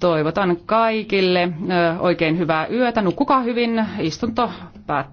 toivotan kaikille oikein hyvää yötä. Nukkukaa hyvin, istunto päättyy.